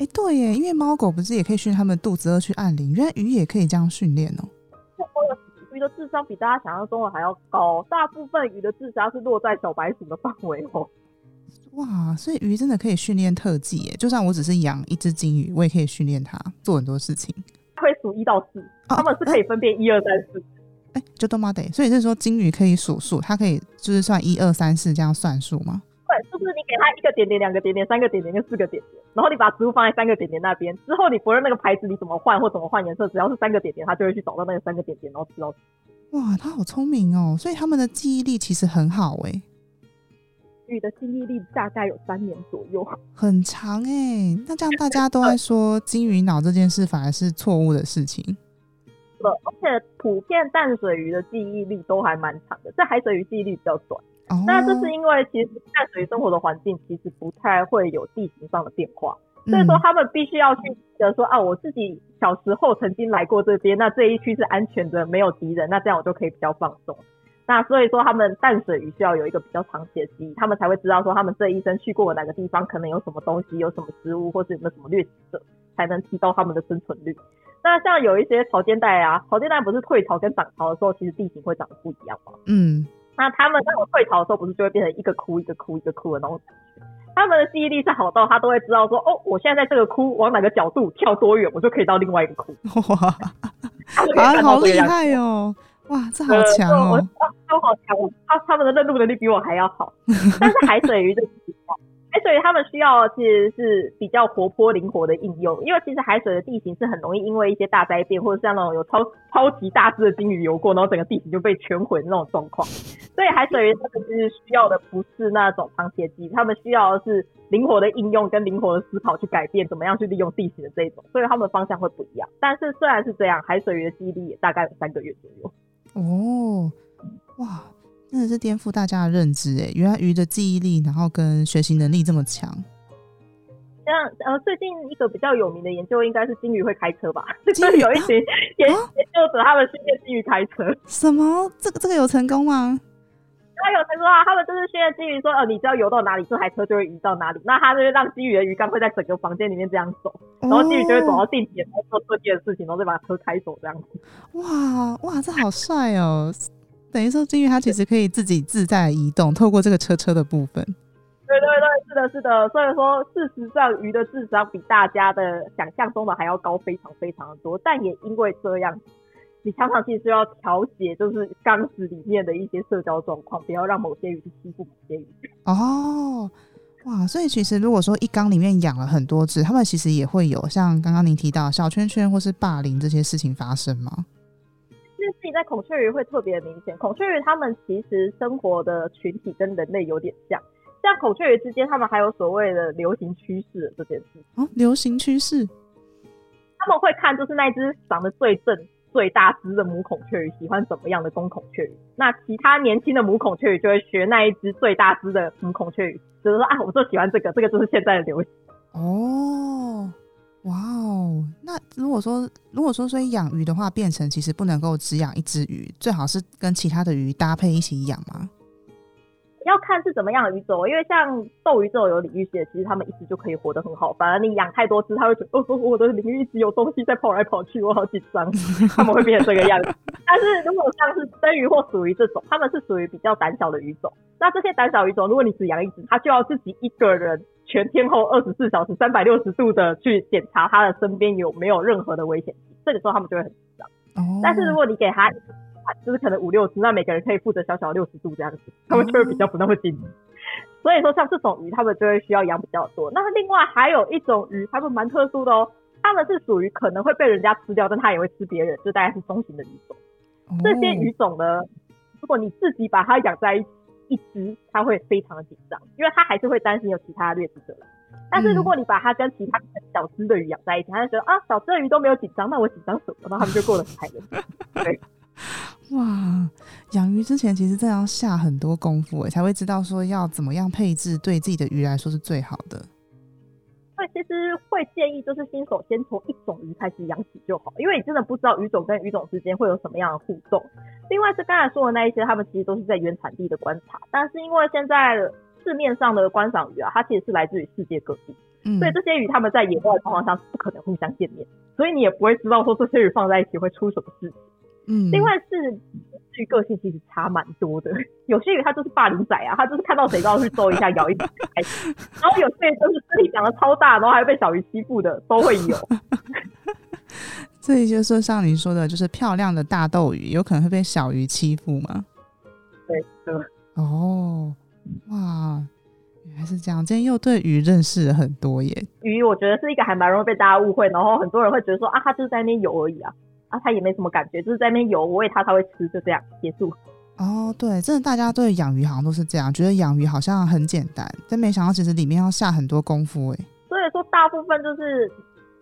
Speaker 1: 哎、欸，對耶，因為貓狗不是也可以訓他們肚子餓去按鈴？原來魚也可以這樣訓練哦。所
Speaker 2: 有的魚的智商比大家想象中的還要高，哦，大部分魚的智商是落在小白鼠的範圍哦。
Speaker 1: 哇，所以魚真的可以訓練特技耶。就算我只是養一隻金魚，我也可以訓練它做很多事情。
Speaker 2: 它會數一到四。啊，它們是可以分辨一二三四。
Speaker 1: 哎，就都嘛得所以是說金魚可以數數，它可以就是算一二三四這樣算數嗎？
Speaker 2: 對，就是你給它一個點點，兩個點點，三個點點，跟四個點點。然後你把食物放在三個點點那邊之後，你不論那個牌子你怎麼換或怎麼換顏色，只要是三個點點，它就會去找到那個三個點點然後吃到。
Speaker 1: 哇，它好聰明哦！所以他們的記憶力其實很好誒。
Speaker 2: 的魚的記憶力大概有三年左右，
Speaker 1: 很長哎、欸。那這樣大家都在說金魚腦這件事，反而是錯誤的事情。
Speaker 2: 對、嗯，而且普遍淡水魚的記憶力都還蠻長的，在海水魚記憶力比較短、哦。那這是因為其實淡水魚生活的環境其實不太會有地形上的變化，嗯、所以說他們必須要去記得說啊，我自己小時候曾經來過這邊，那這一區是安全的，沒有敵人，那這樣我就可以比較放鬆。那所以說，他們淡水魚需要有一個比較長期的記憶，他們才會知道說他們這一生去過哪個地方，可能有什麼東西，有什麼食物，或是有沒有什麼掠食者，才能提高他們的生存率。那像有一些潮間帶啊，潮間帶不是退潮跟漲潮的時候，其實地形會長得不一樣嗎？嗯，那他們在我退潮的時候，不是就會變成一個窟、一個窟、一個窟的東西？他們的記憶力是好到他都會知道說，哦，我現在在這個窟，往哪個角度跳多遠，我就可以到另外一個窟。哇 枯，啊，好厲害哦！哇，這好強哦！呃、我，我，我好強，他他們的認路能力比我還要好。 但是海水魚就不行，海水魚他們需要其實是比較活潑靈活的應用，因為其實海水的地形是很容易因為一些大災變，或者像那種有超超級大隻的鯨魚游過，然後整個地形就被全毀那種狀況。所以海水魚他們其實需要的不是那種螃蟹機，他們需要的是靈活的應用跟靈活的思考去改變，怎麼樣去利用地形的這一種。所以他們的方向會不一樣。但是雖然是這樣，海水魚的記憶力也大概有三個月左右。
Speaker 1: 哦，哇，真的是顛覆大家的認知哎！原來魚的記憶力，然後跟學習能力這麼強。
Speaker 2: 這樣，呃，最近一個比較有名的研究應該是金魚會開車吧？ 就是有一群、啊、研、啊、研究者，他們訓練金魚開車。
Speaker 1: 什麼？這個這個有成功嗎？
Speaker 2: 那有誰說啊？他們就是現在金魚說，呃，你知道游到哪裡，這台車就會移到哪裡。那他就會讓金魚的魚缸會在整個房間裡面這樣走，然後金魚就會走到定點、哦、然後做這件事情，然後再把車開走這樣
Speaker 1: 哇哇，這好帥哦！ 等於說金魚它其實可以自己自在移動，透過這個車車的部分。對
Speaker 2: 對對，是的，是的。所以說事實上魚的智商比大家的想象中的還要高，非常非常的多，但也因為這樣。你常常其實要調節，就是缸子裡面的一些社交狀況，不要讓某些魚去欺負某些魚。
Speaker 1: 哦，哇！所以其實如果說一缸裡面養了很多隻，他們其實也會有像剛剛您提到小圈圈或是霸凌這些事情發生嗎？那
Speaker 2: 其實，在孔雀魚會特別明顯。孔雀魚它們其實生活的群體跟人類有點像，像孔雀魚之間，他們還有所謂的流行趨勢這件事。哦，流行趨勢，他們會看，就是那隻長得最正。最大只的母孔雀魚喜歡怎麼樣的公孔雀魚？那其他年輕的母孔雀魚就會學那一只最大只的母孔雀魚，就是說啊，我就喜歡這個，這個就是現在的流行。
Speaker 1: 哦，哇哦！那如果說，如果說所以養魚的話，變成其實不能夠只養一只魚，最好是跟其他的魚搭配一起養嗎？
Speaker 2: 要看是怎麼樣的魚種，因為像鬥魚這種有領域性的，其實他們一直就可以活得很好。反而你養太多隻，它會覺得，哦，哦我的領域一直有東西在跑來跑去，我好緊張，他們會變成這個樣子。 但是如果像是燈魚或鼠魚這種，他們是屬於比較膽小的魚種。那這些膽小魚種，如果你只養一隻，它就要自己一個人全天候二十四小時、三百六十度的去檢查它的身邊有沒有任何的危險，這個時候他們就會很緊張。哦、oh.。但是如果你給它就是可能五六隻，那每個人可以負責小小六十度這樣子，他們就會比較不那麼緊張，嗯、所以說像這種魚，他們就會需要養比較多。那另外還有一種魚，它們蠻特殊的哦，它們是屬於可能會被人家吃掉，但它也會吃別人，就大概是中型的魚種。這些魚種呢，嗯、如果你自己把它養在一一隻，它會非常的緊張，因為它還是會擔心有其他掠食者了。
Speaker 1: 但是如果你
Speaker 2: 把它跟其他小隻的魚養在一起，它就覺得啊，小隻的魚都沒有緊張，那我緊張什麼？然後它們就過得很快樂，嗯。對。
Speaker 1: 哇，養魚之前其實真的要下很多功夫，欸，哎，才會知道說要怎麼樣配置，對自己的魚來說是最好的。
Speaker 2: 那其實會建議就是新手先從一種魚開始養起就好，因為你真的不知道魚種跟魚種之間會有什麼樣的互動。另外是剛才說的那一些，他們其實都是在原產地的觀察。但是因為現在市面上的觀賞魚啊，它其實是來自於世界各地，嗯，所以這些魚他們在野外的狀況下是不可能互相見面，所以你也不會知道說這些魚放在一起會出什麼事。另外是至、嗯、個性其實差蠻多的，有些魚它就是霸凌仔啊，它就是看到誰都要去揍一下、 咬一下，然後有些魚就是自己長得超大，然後還被小魚欺負的，都會有。
Speaker 1: 這一些是說像你說的，就是漂亮的大鬥魚，有可能會被小魚欺負嗎？對，對。哦，哇，原來是這樣，今天又對魚認識了很多耶。
Speaker 2: 魚我覺得是一個還蠻容易被大家誤會，然後很多人會覺得說啊，它就是在那邊游而已啊。啊、他也沒什麼感覺，就是在那邊游。我餵它，它會吃，就這樣結束。哦、
Speaker 1: oh,，對，真的，大家對養魚好像都是這樣，覺得養魚好像很簡單，但沒想到其實裡面要下很多功夫哎。
Speaker 2: 所以說，大部分就是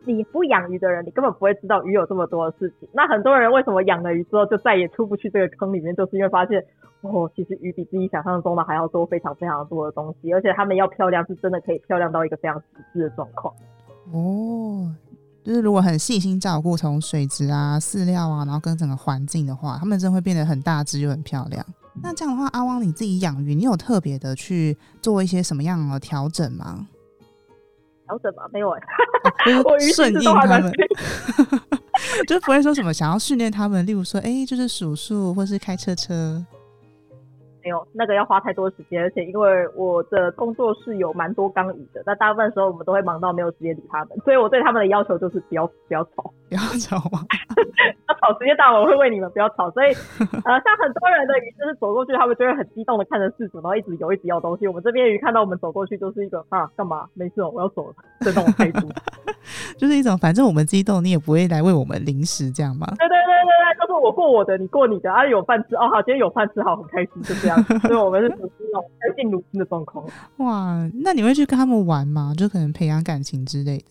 Speaker 2: 你不養魚的人，你根本不會知道魚有這麼多的事情。那很多人為什麼養了魚之後就再也出不去這個坑裡面，就是因為發現哦，其實魚比自己想象中的還要多非常非常多的東西，而且它們要漂亮是真的可以漂亮到一個非常極致的狀況。
Speaker 1: 哦、oh.。就是如果很細心照顧，從水質啊、飼料啊，然後跟整個環境的話，它們真的會變得很大只又很漂亮、嗯。那這樣的話，阿汪你自己養魚，你有特別的去做一些什麼樣的調整嗎？調整嗎？沒有， 欸、就是我順應他們， 就是不會說什麼想要訓練他們，例如說，哎、欸，就是數數或是開車車。
Speaker 2: 沒有那個要花太多時間，而且因為我的工作室有蠻多缸魚的，那大部分時候我們都會忙到沒有時間理他們，所以我對他們的要求就是不要，不要吵，不要吵嗎？ 要吵時間到了我會餵你們，不要吵。所以呃，像很多人的魚就是走過去，他們就會很激動的看着飼主，然後一直游，一直要東西。我們這邊魚看到我們走過去就是一個啊幹嘛？沒事哦、喔，我要走了，這種態
Speaker 1: 度， 就是一種反正我們激動，你也不會來餵我們零食這樣嗎？
Speaker 2: 對對對對對。我過我的，你過你的，啊有飯吃哦，好，今天有飯吃好，好很開心，就這樣， 所以我們
Speaker 1: 是屬於那種開進如子的狀況。哇，那你會去跟他們玩嗎？就可能培養感情之類的。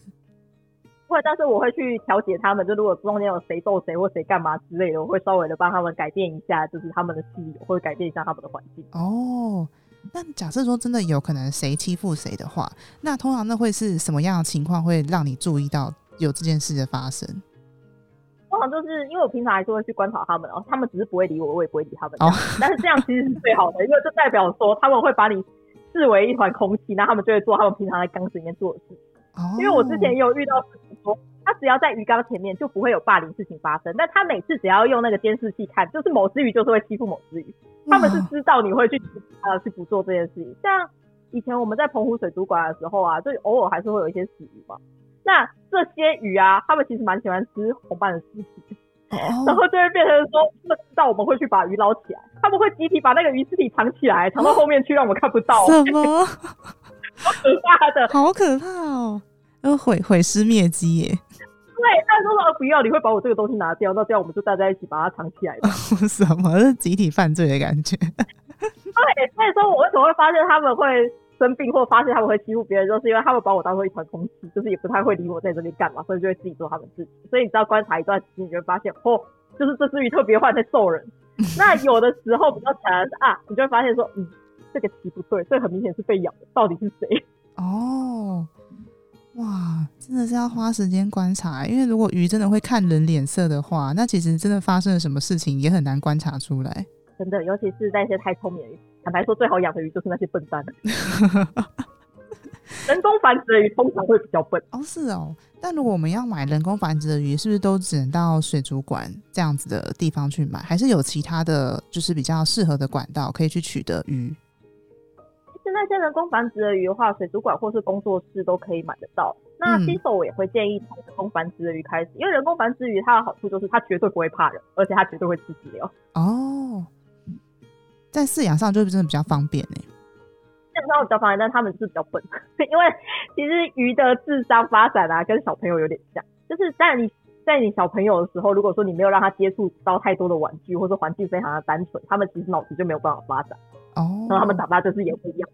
Speaker 2: 會，但是我會去調節他們，就如果中間有誰逗誰或誰幹嘛之類的，我會稍微的幫他們改變一下，就是他們的心理，或者改變一下他們的環境。
Speaker 1: 哦，那假設說真的有可能誰欺負誰的話，那通常那會是什麼樣的情況會讓你注意到有這件事的發生？
Speaker 2: 通常都、就是因為我平常還是會去觀察他們，然後，哦，他們只是不會理我，我也不會理他們。Oh. 但是這樣其實是最好的，因為這代表說他們會把你視為一團空氣，那他們就會做他們平常在缸子裡面做的事。Oh. 因為我之前也有遇到，他只要在魚缸前面就不會有霸凌事情發生，但他每次只要用那個監視器看，就是某只魚就是會欺負某只魚，他們是知道你會去呃、oh. 去不做這件事情。像以前我們在澎湖水族館的時候啊，就偶爾還是會有一些死魚吧。那這些魚啊，他們其實蠻喜歡吃夥伴的屍體，oh. 然後就會變成說，他們知道我們會去把魚撈起來，他們會集體把那個魚屍體藏起來，藏到後面去，讓我們看不到。什麼？好 可怕的，好可
Speaker 1: 怕哦！要毀毀屍滅迹耶？
Speaker 2: 對，但是他不要，你會把我這個東西拿掉，那這樣我們就大家一起把它藏起來。Oh.
Speaker 1: 什麼？是集體犯罪的感覺？
Speaker 2: 對，所以說我為什麼會發現他們會？生病或發現他們會欺負別人，就是因為他們把我當做一團空氣，就是也不太會理我在這裡幹嘛，所以就會自己做他們自己。所以你知道觀察一段時間，你就會發現，嚯、喔，就是這隻魚特別壞，在揍人。 那有的時候比較慘的是啊，你就會發現說，嗯，這個鰭不對，所以很明顯是被咬的，到底是誰？
Speaker 1: 哦，哇，真的是要花時間觀察欸，因為如果魚真的會看人臉色的話，那其實真的發生了什麼事情也很難觀察出來。
Speaker 2: 真的，尤其是在一些太聰明的魚。坦白說，最好養的魚就是那些笨蛋。
Speaker 1: 人工繁殖的魚通常會比較笨哦，是哦。但如果我們要買人工繁殖的魚，是不是都只能到水族館這樣子的地方去買？還是有其他的就是比較適合的管道可以去取得魚？
Speaker 2: 其實那些人工繁殖的魚的話，水族館或是工作室都可以買得到。那新手、嗯、我也會建議從人工繁殖的魚開始，因為人工繁殖魚它的好處就是它絕對不會怕人，而且它絕對會吃飼料。
Speaker 1: 哦。在飼養上就真的比較方便呢、
Speaker 2: 欸，飼養比較方便，但他們是比較笨，因為其實魚的智商發展啊，跟小朋友有點像。就是當然你在你小朋友的時候，如果說你沒有讓他接觸到太多的玩具，或者環境非常的單純，他們其實腦子就沒有辦法發展。哦，那他們長大就是也不一樣。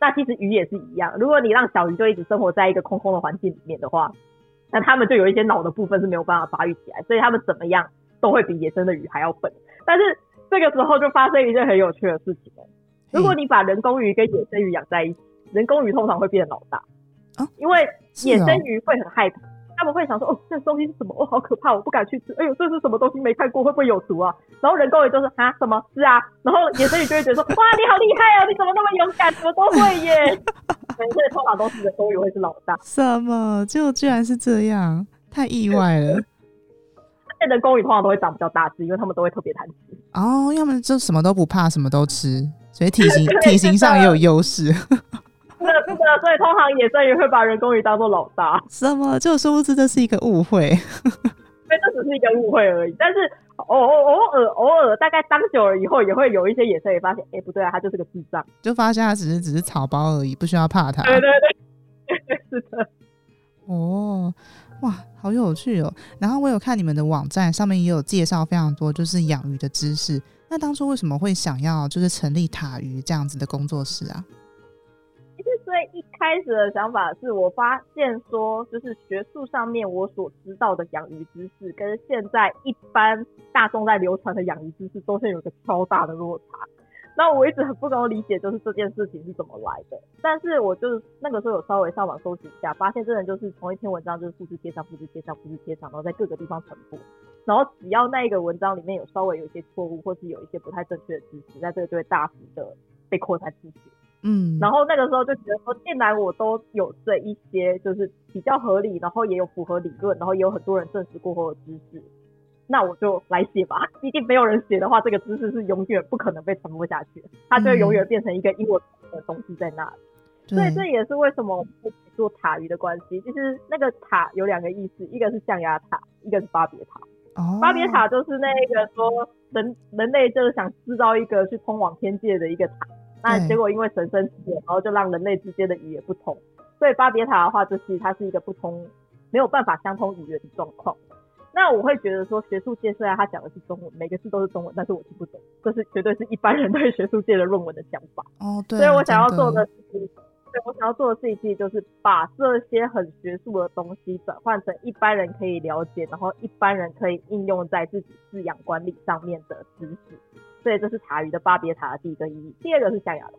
Speaker 2: 那其實魚也是一樣，如果你讓小魚就一直生活在一個空空的環境裡面的話，那他們就有一些腦的部分是沒有辦法發育起來，所以他們怎麼樣都會比野生的魚還要笨。但是這個時候就發生一件很有趣的事情。如果你把人工魚跟野生魚養在一起、嗯，人工魚通常會變老大、啊、因為野生魚會很害怕，啊、他們會想說：“哦，這東西是什麼？哦，好可怕，我不敢去吃。”哎呦，這是什麼東西沒看過？會不會有毒啊？然後人工魚就說、是：“啊，什麼？是啊。”然後野生魚就會覺得說：“ 哇，你好厲害啊！你怎麼那麼勇敢，什麼都會耶？”所 以
Speaker 1: 通常都是人工魚會是老大。什麼？就居然是這樣，太意外了。
Speaker 2: 現在的人工魚通常都會長比較大隻，因為他們都會特別貪
Speaker 1: 吃哦。要、oh, 麼就什麼都不怕，什麼都吃，所以體型 體型上也有優勢。
Speaker 2: 是的，是的，所以通常野生魚會把人工魚當做老大。 是嗎？
Speaker 1: 就殊不知這是一個誤會。 所
Speaker 2: 以這只是一個誤會而已。但是偶偶爾偶爾偶爾大概當久了以後，也會有一些野生魚發現，哎、欸，不對啊，它就是個智障，
Speaker 1: 就發現它只是只是草包而已，不需要怕它。對對對，對， 是的。哦、oh.。哇，好有趣哦！然後我有看你們的網站，上面也有介紹非常多就是養魚的知識。那當初為什麼會想要就是成立塔魚這樣子的工作室啊？
Speaker 2: 其實最一開始的想法是我發現說，就是學術上面我所知道的養魚知識，跟現在一般大眾在流傳的養魚知識，中間有一個超大的落差。那我一直很不能理解，就是這件事情是怎麼來的。但是我就是那個時候有稍微上網搜尋一下，發現真的就是從一篇文章，就是複製貼上、複製貼上、複製貼上，然後在各個地方傳播。然後只要那一個文章裡面有稍微有一些錯誤，或是有一些不太正確的知識，在這個就會大幅的被擴散出去。嗯，然後那個時候就覺得說，既然我都有這一些，就是比較合理，然後也有符合理論，然後也有很多人證實過後的知識。那我就來寫吧，一定沒有人寫的話，這個知識是永遠不可能被傳播下去的，它就永遠變成一個英文的東西在那
Speaker 1: 裡。嗯、所以這
Speaker 2: 也是為什麼我們做塔魚的關係。其實就是那個塔有兩個意思，一個是象牙塔，一個是巴別塔。
Speaker 1: 哦、巴別塔
Speaker 2: 就是那個說人人類就是想制造一個去通往天界的一個塔，那結果因為神生氣了然後就讓人類之間的語言不通。所以巴別塔的話、就是，其實它是一個不通沒有辦法相通語言的狀況。那我會覺得說，學術界雖然他講的是中文，每個字都是中文，但是我聽不懂，這是絕對是一般人對學術界的論文的想法。哦，對啊。所以我想要做的事情，對，我想要做的事情，其實就是把這些很學術的東西轉換成一般人可以了解，然後一般人可以應用在自己飼養管理上面的知識。所以這是塔魚的巴別塔的第一個意義。第二個是象牙塔，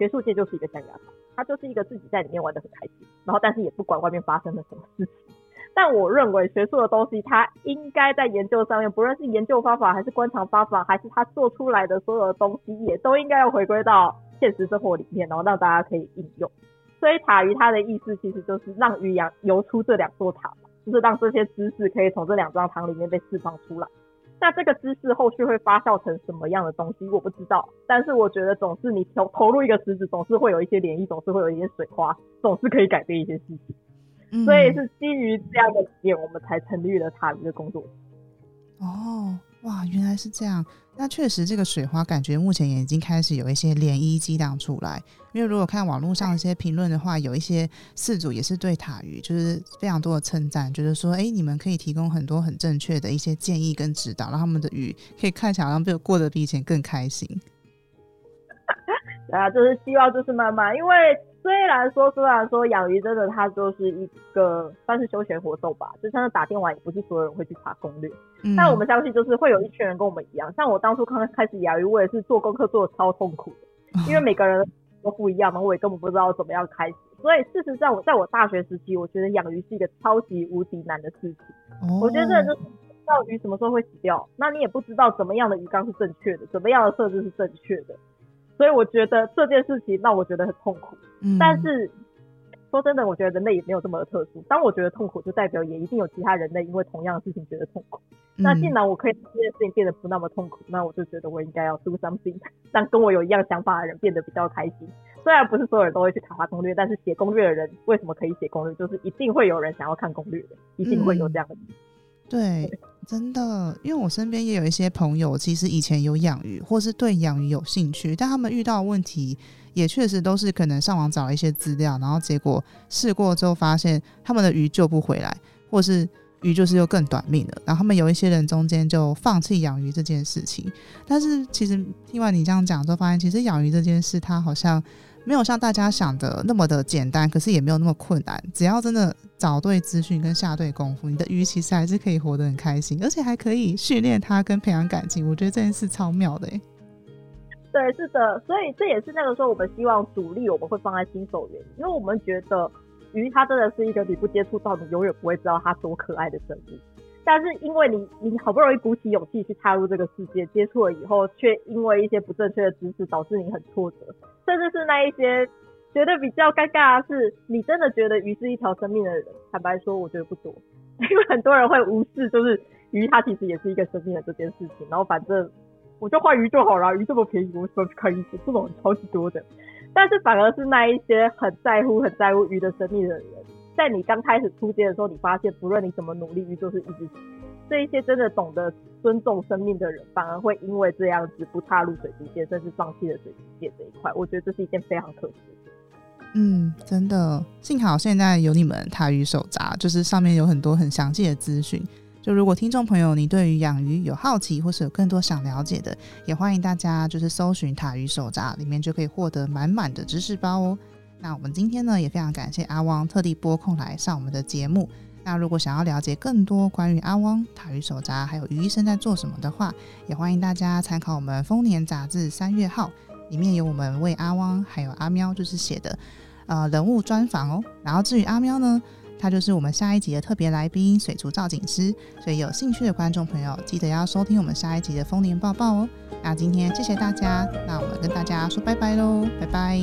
Speaker 2: 學術界就是一個象牙塔，它就是一個自己在裡面玩得很開心，然後但是也不管外面發生了什麼事情。但我認為學術的東西，它應該在研究上面，不論是研究方法還是觀察方法，還是它做出來的所有的東西，也都應該要回歸到現實生活裡面，然後讓大家可以應用。所以塔魚它的意思其實就是讓魚羊游出這兩座塔，就是讓這些知識可以從這兩座塔裡面被釋放出來。那這個知識後續會發酵成什麼樣的東西，我不知道。但是我覺得總是你投投入一個石子，總是會有一些漣漪，總是會有一些水花，總是可以改變一些事情。嗯、所以是基於這樣的
Speaker 1: 點，我們才成立了塔魚的工作哦。哇，原來是這樣。那確實，這個水花感覺目前也已經開始有一些漣漪激盪出來。因為如果看網絡上一些評論的話，有一些飼主也是對塔魚就是非常多的稱讚，就是說，哎、欸，你們可以提供很多很正確的一些建議跟指導，讓他們的魚可以看起來好像過得比以前更開心。
Speaker 2: 啊，就是希望，就是慢慢，因為。雖然說，雖然說養魚真的，它就是一個算是休閒活動吧，就像是打電玩，也不是所有人會去查攻略。嗯、但我們相信，就是會有一群人跟我們一樣，像我當初剛剛開始養魚，我也是做功課做的超痛苦的，因為每個人都不一樣嘛，我也根本不知道怎麼樣開始。所以事實上，我在我大學時期，我覺得養魚是一個超級無敵難的事情。哦、我覺得真的就是，不知道魚什麼時候會死掉，那你也不知道怎麼樣的魚缸是正確的，怎麼樣的設置是正確的。所以我覺得這件事情，讓我覺得很痛苦。嗯、但是說真的，我覺得人類也沒有這麼的特殊。當我覺得痛苦，就代表也一定有其他人類因為同樣的事情覺得痛苦。嗯、那既然我可以把這件事情變得不那麼痛苦，那我就覺得我應該要 do something。讓跟我有一樣想法的人變得比較開心。雖然不是所有人都會去卡華攻略，但是寫攻略的人為什麼可以寫攻略？就是一定會有人想要看攻略的，一定會有這樣的、嗯。
Speaker 1: 對。 真的，因為我身邊也有一些朋友，其實以前有養魚，或是對養魚有興趣，但他們遇到問題，也確實都是可能上網找了一些資料，然後結果試過之後發現，他們的魚救不回來，或是魚就是又更短命了。然後他們有一些人中間就放棄養魚這件事情，但是其實聽完你這樣講之後，發現其實養魚這件事，它好像，沒有像大家想的那麼的簡單，可是也沒有那麼困難。只要真的找對資訊跟下對功夫，你的魚其實還是可以活得很開心，而且還可以訓練它跟培養感情。我覺得這件事超妙的哎。
Speaker 2: 對，是的，所以這也是那個時候我們希望主力我們會放在新手原因，因為我們覺得魚它真的是一個你不接觸到你永遠不會知道它多可愛的生物。但是因為你，你好不容易鼓起勇氣去踏入這個世界，接觸了以後，卻因為一些不正確的知識導致你很挫折，甚至是那一些覺得比較尷尬的，是你真的覺得魚是一條生命的人。坦白說，我覺得不多，因為很多人會無視，就是魚它其實也是一個生命的這件事情。然後反正我就換魚就好了、啊，魚這麼便宜，我說可以，這種人超級多的。但是反而是那一些很在乎、很在乎魚的生命的人。在你剛開始出街的時候，你發現不論你怎麼努力，你就是一直。這一些真的懂得尊重生命的人，反而會因為這樣子不踏入水族界，甚至放棄了水族界這一塊。我覺得這是一件非常可
Speaker 1: 惜的事。嗯，真的，幸好現在有你們塔魚手札，就是上面有很多很詳細的資訊。就如果聽眾朋友你對於養魚有好奇，或是有更多想了解的，也歡迎大家就是搜尋塔魚手札，裡面就可以獲得滿滿的知識包哦。那我們今天呢，也非常感謝阿汪特地撥空來上我們的節目。那如果想要了解更多關於阿汪、塔魚手札，還有魚醫生在做什麼的話，也歡迎大家參考我們《豐年雜誌》三月號，裡面有我們為阿汪還有阿喵就是寫的呃人物專訪哦。然後至於阿喵呢，他就是我們下一集的特別來賓——水族造景師。所以有興趣的觀眾朋友，記得要收聽我們下一集的《豐年報報》哦。那今天謝謝大家，那我們跟大家說拜拜嘍，拜拜。